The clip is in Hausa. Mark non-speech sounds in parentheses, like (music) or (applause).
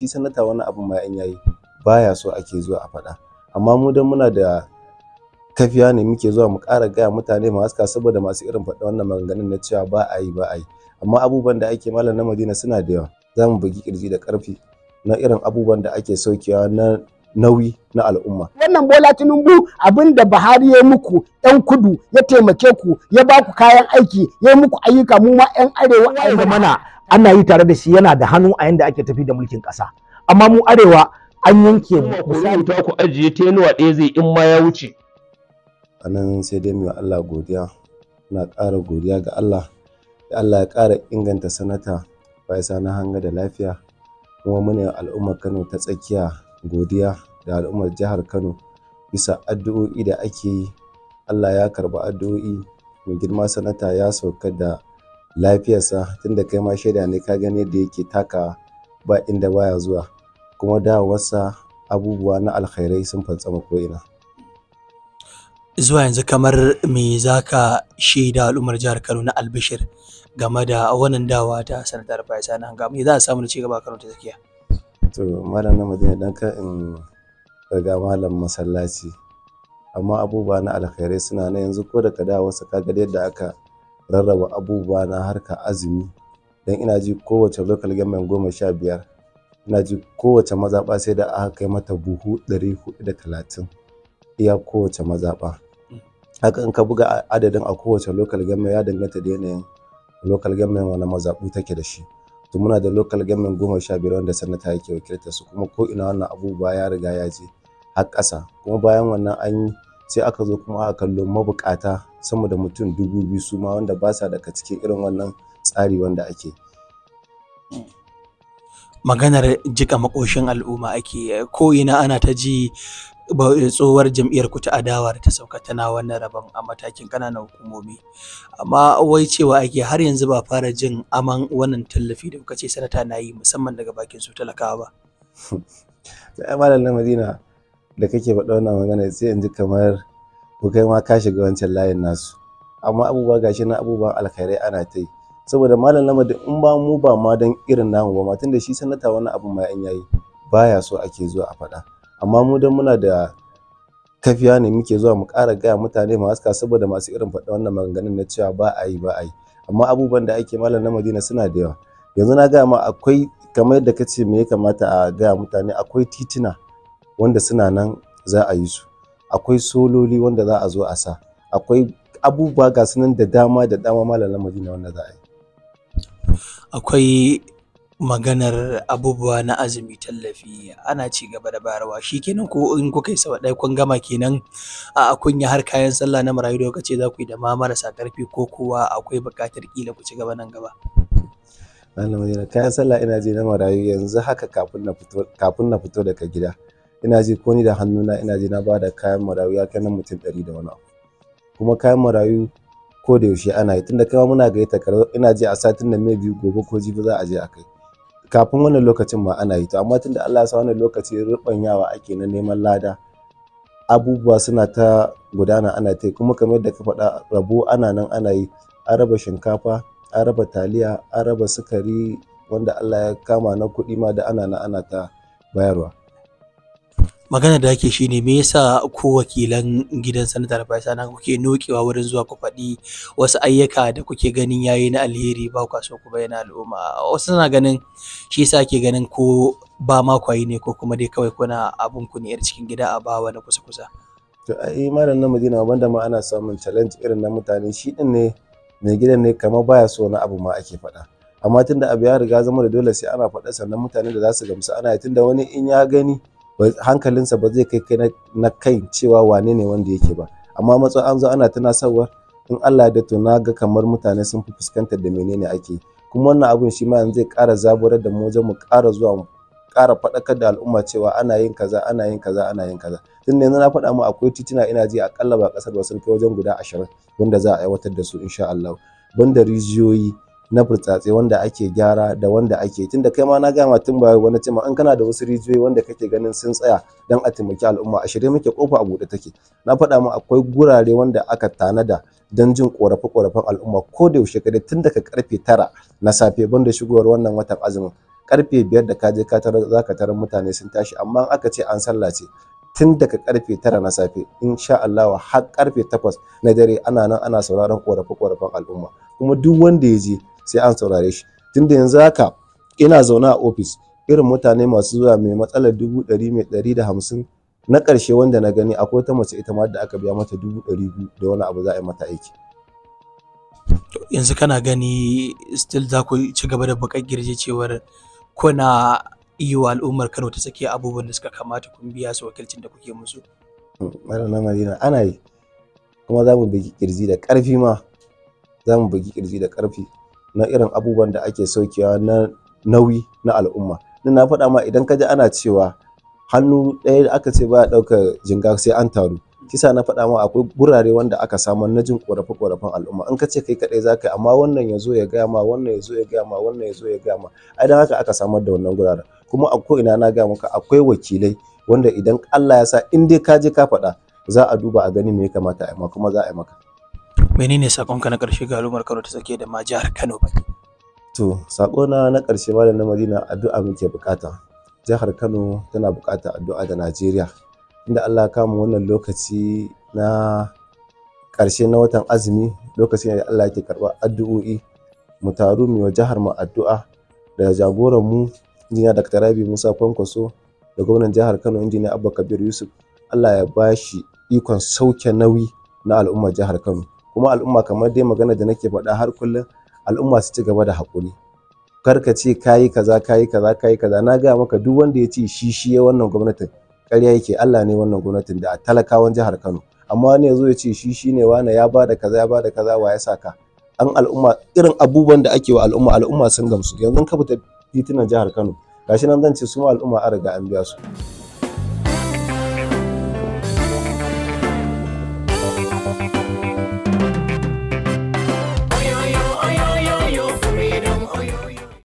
shi sanata wani abu ma in yayi baya so ake zuwa a faɗa amma mu dan muna da kafiya ne muke zuwa mu ƙara gaya mutane masu haska saboda masu irin faɗa wannan maganganun na cewa ba a yi ba a yi amma abubuwan da ake malam na madina suna da yawa za mu bugi kirji da ƙarfi na irin abubuwan da ake saukewa na nauyi na al'umma. Wannan Bola Tinubu abin da Buhari ya muku ‘yan kudu ya taimake ku ya ba ku kayan aiki ya muku ayyuka mu ma ‘yan arewa. Mana ana yi tare da shi yana da hannu a yanda ake tafi da mulkin ƙasa amma mu arewa an yanke mu misali ta ku ajiye tenuwa ɗaya zai in ma ya wuce anan sai dai mu Allah godiya na ƙara godiya ga Allah da Allah ya ƙara inganta sanata Faisa na hanga da lafiya kuma muna al'ummar Kano ta tsakiya godiya da al'ummar jihar Kano bisa addu'o'i da ake yi Allah ya karba addu'o'i mai girma sanata ya sauka da lafiyarsa tunda kai ma shaida ne ka gani yadda yake taka ba inda baya zuwa kuma dawowarsa abubuwa na alkhairai sun fantsama ko'ina zuwa yanzu kamar me za ka shaida al'ummar jihar kano na albishir game da wannan dawa ta sanatar faisa na hanga me za a samu na cigaba a kano ta tsakiya to malam na madina dan ka in riga malam masallaci amma abubuwa na alkhairai suna na yanzu ko da ka dawo wasu ga yadda aka rarraba abubuwa na harka azumi don ina ji kowace local government goma sha biyar ina ji kowace mazaɓa sai da aka kai mata buhu ɗari huɗu da talatin iya kowace mazaɓa haka in ka buga adadin a kowace local government ya danganta da yanayin Lokal government wani mazaɓu take da shi to muna da lokal government goma sha biyar wanda sanata yake wakiltar su kuma ko ina wannan abubuwa ya riga ya je har ƙasa kuma bayan wannan an yi sai aka zo kuma aka kallo mabukata sama da mutum dubu biyu su ma wanda ba sa daga cikin irin wannan tsari wanda ake maganar jika makoshin al'umma ake ko ina ana ta ji tsohuwar jam'iyyar ku ta adawa da ta sauka tana wannan rabon a matakin ƙananan hukumomi amma wai cewa ake har yanzu ba fara jin aman wannan tallafi da kuka ce sanata na yi musamman daga bakin su talakawa ba. (laughs) Malam na Madina da kake faɗa wannan magana sai in ji kamar ko kai ma ka shiga wancan layin nasu amma abubuwa gashi na abubuwan alkhairai ana ta yi saboda malam lamadi in ba mu ba ma dan irin namu ba matan da shi sanata wani abu ma in yayi baya so ake zuwa a faɗa amma mu dan muna da tafiya ne muke zuwa mu ƙara gaya mutane ma haska saboda masu irin faɗa wannan maganganun na cewa ba a yi ba a yi amma abubuwan da ake malam na madina suna da yawa yanzu na gaya ma akwai kamar yadda ka ce me ya kamata a gaya mutane akwai tituna. wanda suna nan za a yi su akwai sololi wanda za a zo a sa akwai abubuwa ga sunan da dama da dama malalan madina wanda za a yi akwai maganar abubuwa na azumi tallafi ana ci gaba da barawa, shi kenan ko in kuka yi sau ɗaya kun gama kenan a kunya har kayan sallah na marayu da lokaci za ku yi da ma marasa ƙarfi ko kuwa akwai buƙatar ƙila ku ci gaba nan gaba kayan sallah ina je na marayu yanzu haka kafin na fito daga gida ina ji ko ni da hannuna ina ji na bada kayan marayu ya kai nan mutum ɗari da wani abu kuma kayan marayu ko da yaushe ana yi tunda kama muna gayi takardu ina ji a satin nan mai biyu gobe ko jibi za a je a kai kafin wannan lokacin ma ana yi to amma tunda Allah ya sa wannan lokaci rubanyawa ake na neman lada abubuwa suna ta gudana ana ta kuma kamar yadda ka faɗa rabo ana nan ana yi an raba shinkafa an raba taliya an raba sukari wanda Allah ya kama na kuɗi ma da ana nan ana ta bayarwa magana da ake shine me yasa ko wakilan gidan sanata bai na kuke nokewa wurin zuwa ku faɗi wasu ayyuka da kuke ganin yayi na alheri ba ku so ku bayyana al'umma wasu suna ganin shi yasa ake ganin ko ba ma kwayi ne ko kuma dai kawai kuna abun ku ne yar cikin gida a ba na kusa kusa to ai malam na Madina wanda ma ana samun challenge irin na mutane shi din ne mai gidan ne kamar baya so na abu ma ake faɗa amma tunda abu ya riga zama da dole sai ana faɗa sannan mutane da za su gamsu ana tunda wani in ya gani hankalinsa ba zai kai kai na kai cewa wane ne wanda yake ba amma matsa an zo ana tunasarwa in Allah da to na ga kamar mutane sun fi fuskantar da menene ake kuma wannan abun shi ma zai ƙara zaburar da mu wajen mu ƙara zuwa mu ƙara faɗakar da al'umma cewa ana yin kaza ana yin kaza ana yin kaza tun yanzu na faɗa mu akwai tituna ina ji akalla ba kasar ba sun wajen guda ashirin wanda za a aiwatar da su insha Allah banda rijiyoyi na burtsatse wanda ake gyara da wanda ake tunda kai ma na gama tun ba wani cima in kana da wasu rijiyoyi wanda kake ganin sun tsaya dan a taimaki al'umma a shirye muke kofa a buɗe take na faɗa mu akwai gurare wanda aka tanada don jin korafe korafen al'umma ko da yaushe kadai tun daga karfe tara na safe banda shigowar wannan watan azumin karfe biyar da kaje ka tarar zaka tarar mutane sun tashi amma aka ce an sallace tun daga karfe tara na safe insha Allah har karfe takwas na dare ana nan ana sauraron korafe korafen al'umma kuma duk wanda ya je sai an saurare shi tunda yanzu haka ina zaune a ofis irin mutane masu zuwa mai matsalar dubu ɗari mai ɗari da hamsin na ƙarshe wanda na gani akwai ta mace ita ma da aka biya mata dubu ɗari biyu da wani abu za a yi mata aiki. yanzu kana gani still za ku ci gaba da bakar girje cewar kuna yi wa al'ummar kano ta sake abubuwan da suka kamata kun biya su wakilcin da kuke musu. Mm, na Madina ana yi kuma za mu bugi kirji da karfi ma za mu bugi kirji da ƙarfi na irin abubuwan da ake saukewa na nauyi na al'umma ni na faɗa ma idan ka ana cewa hannu ɗaya da aka ce baya ɗaukar jinga sai an taru kisa na faɗa ma akwai gurare wanda aka samar na jin ƙorafe ƙorafen al'umma in ka ce kai kaɗai zaka ka yi amma wannan ya zo ya gaya ma wannan ya zo ya gaya ma wannan ya zo ya gaya ma ai dan haka aka samar da wannan guraren kuma a ina na gaya maka akwai wakilai wanda idan Allah ya sa in dai ka je ka faɗa za a duba a gani me ya kamata a yi ma kuma za a yi maka menene sakonka na ƙarshe ga al'ummar Kano ta tsakiya da ma jihar Kano ba. to sako na ƙarshe malam na Madina addu'a muke bukata jihar Kano tana bukata addu'a da Najeriya inda Allah ya kama wannan lokaci na ƙarshe na watan azumi lokaci ne da Allah yake karɓar addu'o'i mu taru mu wa jihar mu addu'a da jagoran mu injiniya Dr. Rabi Musa Kwankwaso da gwamnan jihar Kano injiniya Abba Kabir Yusuf Allah ya bashi ikon sauke nauyi na al'ummar jihar Kano kuma al'umma kamar dai magana da nake faɗa har kullum al'umma su ci gaba da haƙuri kar ka ce kayi kaza kayi kaza kayi kaza na gaya maka duk wanda ya ce shi shi ya wannan gwamnatin ƙarya yake Allah ne wannan gwamnatin da a talakawan jihar Kano amma wani ya zo ya ce shi shi ne wani ya bada kaza ya bada kaza wa ya saka an al'umma irin abubuwan da ake wa al'umma al'umma sun gamsu yanzu ka fita titunan jihar Kano gashi nan zan ce su ma al'umma an riga an biya su